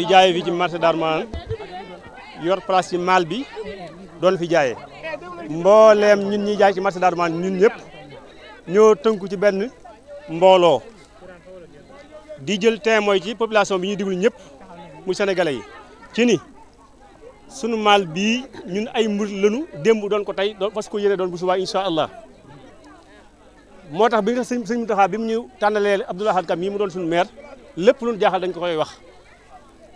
di jaayee fii ci marché Darou yor place ci maal bi doon fi jaayee mbooleem ñun ñi jaay ci marché Darou ñun ñëpp ñoo tënku ci benn mbooloo di jël témoin ci population bi ñu diglu ñëpp mu sénégalais yi ci ni sunu maal bii ñun ay mbir lanu démb doon ko tey doon fas ko yéene doon bu subaa incha allah moo tax bi nga sëñ sëñ Mountakha bi mu ñu tànnalee Abdoulaye Khadre Kam yi mu doon suñu maire lépp lu jaaxal dañ ko koy wax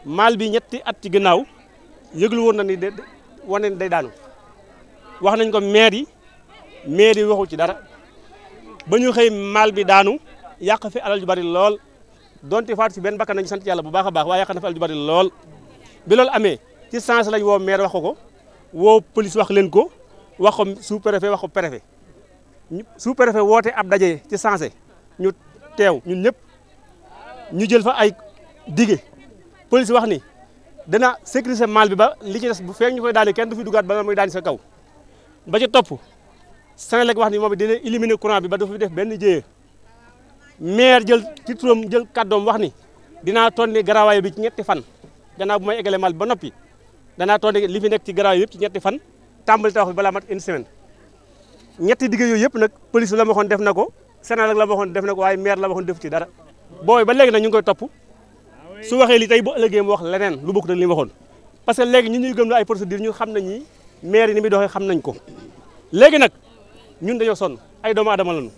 maal bi ñetti at ci gannaaw yëglu woon na ni de wane dey daanu wax nañ ko maire yi maire yi waxu ci dara ba ñu xëy maal bi daanu yàq fi alal ju bari lool donte faatu si benn bakkan nañu sant yàlla bu baax a baax waaye yàq na fi alal ju lool bi lool amee ci sens lañ woo maire wax ko woo police wax leen ko wax ko sous préfet wax ko préfet sous préfet woote ab daje ci sensé ñu teew ñun ñëpp ñu jël fa ay dige police wax ni dana sécuriser mal bi ba li ci bu fee ñu koy daale kenn du fi dugaat ba muy daan sa kaw ba ca topp Senelec wax ni moom dina éliminer courant bi ba du fi def benn jéyee maire jël ci turam jël kàddoom wax ni dinaa tonni garawaay bi ci ñetti fan gannaaw bu may eggale mal ba noppi danaa tonni li fi nekk ci garawaay yëpp ci ñetti fan tàmbali tawax bi balaa mat une semaine ñetti digg yooyu yëpp nag police la ma def na ko Senelec la ma def na ko waaye maire la waxoon def ci dara booy ba léegi nag ñu ngi koy topp su waxee li boo bu ëllëgee mu wax leneen lu bokk da li mu waxoon parce que léegi ñun ñuy gëm la ay procédure ñun xam nañ ni maire yi ni muy doxee xam nañ ko léegi nag ñun dañoo sonn ay doomu aadama lañu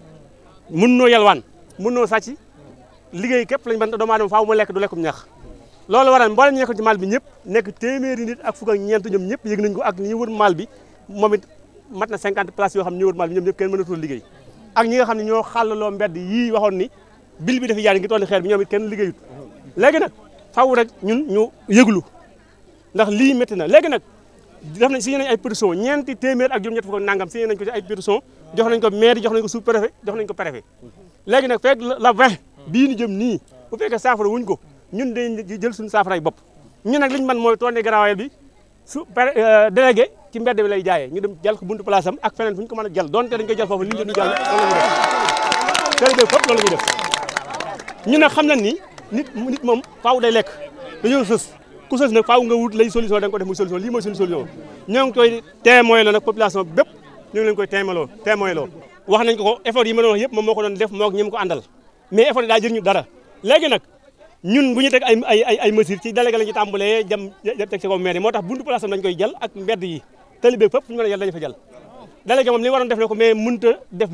mun noo yalwaan mun noo sàcc liggéey képp lañ ban doomu aadama faaw mu lekk du lekkum ñax loolu waral mboolem ñu nekkoon ci maal bi ñëpp nekk téeméeri ak fukk ak ñeent ñoom ñëpp yëg nañ ko ak ñi wër maal bi moom it mat na 50 places yoo xam ne ñi wër maal bi ñoom ñëpp kenn mënatul liggéey ak ñi nga xam ne ñoo xàllaloo ni bil bi dafa yaar ngi tolli xeer bi ñoom léegi nag faw rek ñun ñu yëglu ndax lii métti na léegi nag def nañ signé nañ ay pétition ñeenti téeméer ak juróom-ñett fukk nangam signé nañ ko ci ay pétition jox nañ ko maire jox nañ ko sous préfet jox nañ ko préfet léegi nag fekk la vingt bii ñu jëm nii bu fekkee saafara wuñ ko ñun dañ jël suñu saafaraay bopp ñu nag li ñu mën mooy tourné garaaweel bi su euh, délégué ci mbedd bi lay jaaye ñu dem jal ko buntu place am ak feneen fu ñu ko mën a jël donte dañ koy jël foofu li ñu jël ñu jël loolu la ñuy def loolu nag xam nañ nii nit nit moom faaw day lekk dañoo sës ku sës nag faaw nga wut lay solution da ko def muy solution lii mooy suñu solution ñoo ngi koy loo nag population bépp ñu ngi wax nañ ko ko yi ma doon wax yëpp moom moo ko doon def moo ak ñi mu ko àndal mais effort yi daa jëriñu dara léegi nag ñun bu ñu teg ay ay ay ay mesures ci délégué lañu tàmbalee jam jam teg ci kaw maire moo tax buntu place am dañ koy jël ak mbedd yi talibé fépp fu ñu mën a jël dañu fa jël délégué moom li waroon def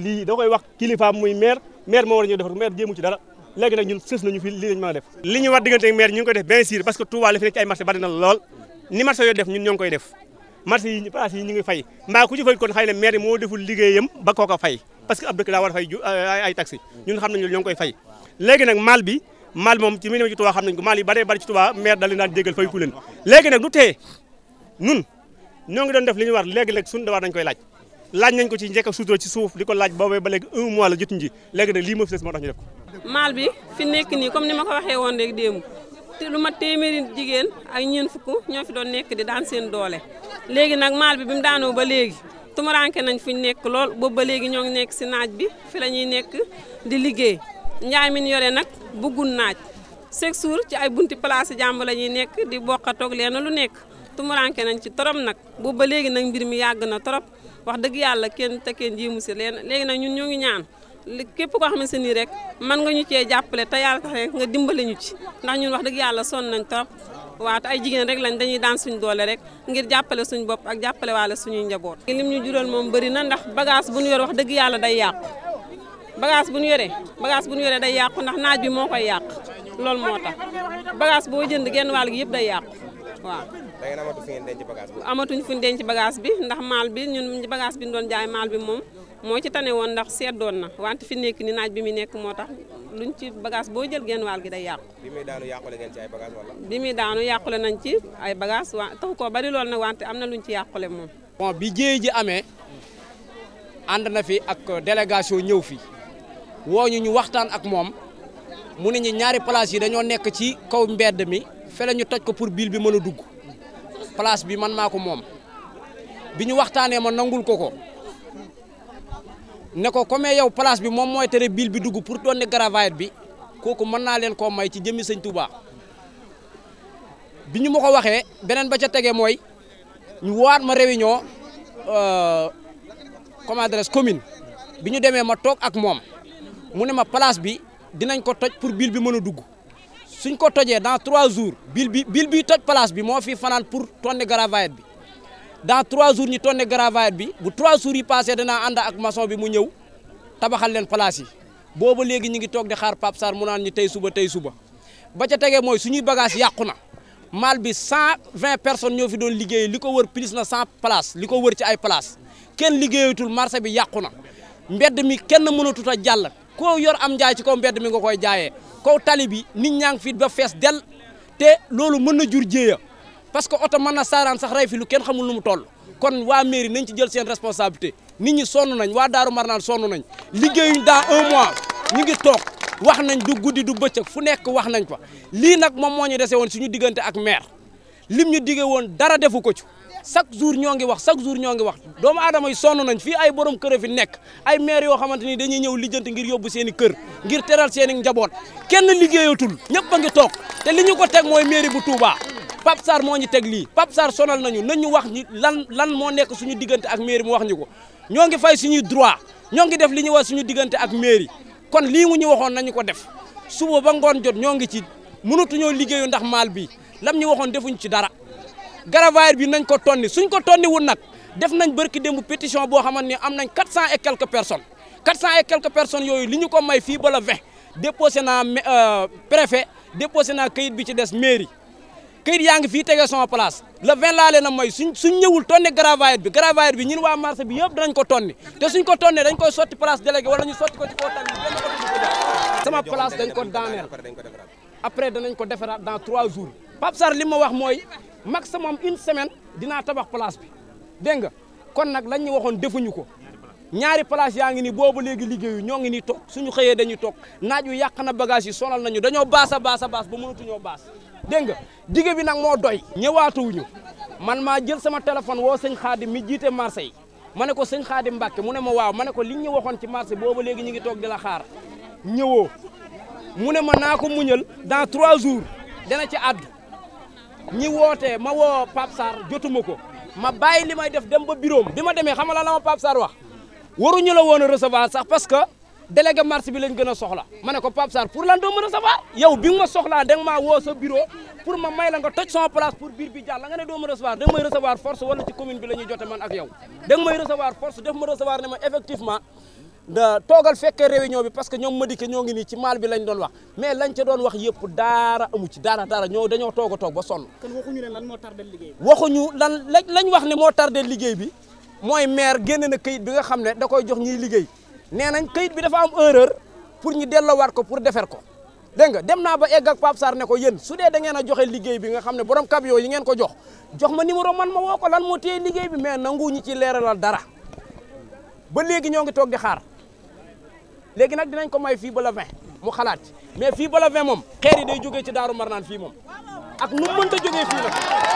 wax kilifaam muy maire maire moo war a ñëw defar ci dara léegi nag ñun sës nañu fi lii lañ mën def li ñu war diggante ngi koy def bien sûr parce que Touba la fi nekk ci bari na lool ni marché yooyu def ñun ñoo ngi koy def marché yi place a ñun koy fay léegi nag mal bi mal moom ci mi ne ci Touba xam nañ ko mal yi bare bari ci Touba maire da daan jégal fay ku leen léegi nag du tee ñun ñoo ngi doon def li ñu war léegi nag suñu devoir dañ koy laaj laaj nañ ko ci njëkk ak sutura ci suuf di ko laaj boobee ba léegi un mois la ko maal bi fi nekk nii comme ni ma ko waxee woon rek démb te lu ma téeméeri jigéen ak ñeen fukk ñoo fi doon nekk di daan seen doole léegi nag maal bi bim mu daanoo ba léegi tumuranke nañ fu ñu nekk lool boobu ba léegi ñoo ngi nekk si naaj bi fi la ñuy nekk di liggéey njaay min yore nag bëggul naaj chaque jour ci ay bunti place jàmb la ñuy nekk di bokkatoog leen lu nekk tumuranke nañ ci torop nag boobu ba léegi nag mbir mi yàgg na torop wax dëgg yàlla kenn te kenn jéemu si leen léegi nag ñun ñoo ngi ñaan képp koo xamante ni rek man nga ñu cee jàppale te yàlla tax rek nga dimbale ñu ci ndax ñun wax dëgg yàlla soon nañ trop waaw te ay jigéen rek lañ dañuy daan suñ doole rek ngir jàppale suñ bopp ak jàppale waale suñuy njaboot. lim ñu jural moom bëri na ndax bagage bu ñu yor wax dëgg yàlla day yàqu bagage bu ñu yoree bagaas bu ñu yoree day yàqu ndax naaj bi moo koy yàq loolu moo tax bagage boo jënd genn wàll gi yëpp day yàqu waaw. da ngeen amatuñ fu ngeen denc bagage bi. amatuñ fu ñu denc bagage bi ndax maal bi bi ñu doon jaay bi moom moo ci tane woon ndax seddoon na wante fi nekk ni naaj bi mu nekk moo tax luñ ci bagage boo jël genn waal gi day yàqu. bi muy daanu yàqule ngeen ci ay bagage wala. bi nañ ci ay bagage wa taxu koo bari lool na wante am na luñ ci yàqule moom. bon bi jéey ji amee ànd na fi ak délégation ñëw fi woo ñu ñu waxtaan ak moom mu ne ñu ñaari place yi dañoo nekk ci kaw mbedd mi fele ñu toj ko pour bill bi mën a dugg place bi man maa ko moom bi ñu waxtaanee ma nangul ko ko. ne ko comme yow place bi moom mooy tere bill bi dugg pour doon ne gravaillette bi kooku mën naa leen koo may ci jëmmi sëñ Touba bi ñu ma ko waxee beneen ba ca tegee mooy ñu waat ma réunion euh, comment dirais commune bi ñu demee ma toog ak moom mu ne ma place bi dinañ ko toj pour bill bi mën a dugg suñ ko tojee dans trois jours bill bi bill bi toj place bi moo fi fanaan pour tonne gravaillette bi dans trois jours ñi tonne gravaire bi bu trois jours yi passé danaa ànd ak maçon bi mu ñëw tabaxal leen place yi booba léegi ñu ngi toog di xaar Pape sar mu naan ñu tey suba tey suba ba ca tege mooy suñuy bagage yàqu na mal bi cent vingt personnes ñoo fi doon liggéey li ko wër plus na cent place li ko wër ci ay place kenn liggéeyatul marché bi yàqu na mbedd mi kenn mënatut a jàll koo yor am njaay ci kaw mbedd mi nga koy jaayee kaw tali bi nit ñaa ngi fi ba fees dell te loolu mën na jur jéeya parce que oto mën na saaraan sax rey fi lu kenn xamul lu mu toll kon waa mairie nañ ci jël seen responsabilité ni ñi sonn nañ waa Daaru Marnaan sonn nañ liggéey dans un mois ñu ngi toog wax nañ du guddi du bëccëg fu nekk wax nañ fa lii nag moom moo ñu dese woon suñu diggante ak maire lim ñu dige woon dara defu ko ci chaque jour ñoo ngi wax chaque jour ñoo ngi wax doomu aadama yi sonn nañ fii ay borom kër a fi nekk ay maire yoo xamante ni dañuy ñëw lijjanti ngir yóbbu seeni kër ngir teral seen i njaboot kenn liggéeyatul ñëpp a ngi toog te li ñu ko teg mooy mairie bu Touba. Pape Sarr moo ñu teg lii Pape Sarr sonal nañu nañu wax ñu lan lan moo nekk suñu diggante ak mairie mu wax ñu ko ñoo ngi fay suñuy droit ñoo ngi def li ñu wax suñu diggante ak mairie kon lii mu ñu waxoon nañu ko def suba ba ngoon jot ñoo ngi ci mënatuñoo liggéeyu ndax maal bi lam ñu waxoon defuñ ci dara garabaayir bi nañ ko tonni suñ ko tonni wun nag def nañ bërki démb pétition boo xaman ne am nañ quatre cent et quelques personnes quatre cent et quelques yooyu li ñu ko may fii ba la vingt déposé naa euh, préfet déposé naa kayit bi ci des mairie këyit yaa ngi fii tegee sama place le 20 laa leen a suñ suñ ñëwul tonne gravaillette bi gravaillette bi ñun waa marché bi yëpp danañ ko tonni te suñ ko tonnee dañ koy sotti place délégué wala ñu sotti ko ci kaw tamit sama place dañ ko daaneel après danañ ko defaraat dans trois jours Pape Sarr li ma wax mooy maximum une semaine dinaa tabax place bi dégg nga kon nag lañ ñu waxoon defuñu ko ñaari place yaa ngi ni boobu léegi liggéeyu ñoo ngi ni toog suñu xëyee dañuy toog naaj yàq na bagage yi sonal nañu dañoo baas a baas a baas ba mënatuñoo baas dégg nga dige bi nag moo doy ñëwaatuwuñu man maa jël sama téléphone woo sëñ mi jiite marché yi ma ne ko sëñ xaadim Mbàkke mu ne ma waaw ma ne ko liñ ñu waxoon ci marché booba léegi ñu ngi toog di la xaar ñëwoo mu ne ma naa ko muñal dans trois jours dana ci àddu ñi wootee ma woo Pape Sarr jotuma ko ma bàyyi li may def dem ba bureau bi ma demee xam nga la ma Pape Sarr wax waruñu la woon sax parce que délégué marché bi lañ gën a soxla ma ne ko Pape Sarr pour lan doo mën a recevoir yow bi nga ma soxlaa da nga ma may la toj sama place pour biir bi jàll la nga ne doo ma recevoir da nga may recevoir force wala ci def ma recevoir ne ma effectivement da toogal fekkee réunion bi parce que ñoom ma dikke ñoo ngi nii ci maal bi lañ doon wax mais lañ ca doon wax yëpp daara amu ci daara daara ñoo dañoo toog a toog ba sonn. kon waxuñu ne lan moo tardé liggéey bi. waxuñu lan lañ wax ne moo tardé liggéey bi mooy maire génne na këyit bi nga xam ne da koy jox ñuy liggéey nee nañ kayit bi dafa am erreur pour ñu delloowaat ko pour defar ko dégg nga dem naa ba egg ak Pape ne ko yéen su dee da ngeen a joxe liggéey bi nga xam ne borom camion yi ngeen ko jox jox ma numéro man ma woo ko lan moo téye liggéey bi mais nangu ñu ci leeralal dara ba léegi ñoo ngi toog di xaar léegi nag dinañ ko may fii ba la 20 mu xalaat mais fii ba la 20 moom xeer yi day jógee ci Daaru Marnaan fii moom ak nu mu mënta jógee fii la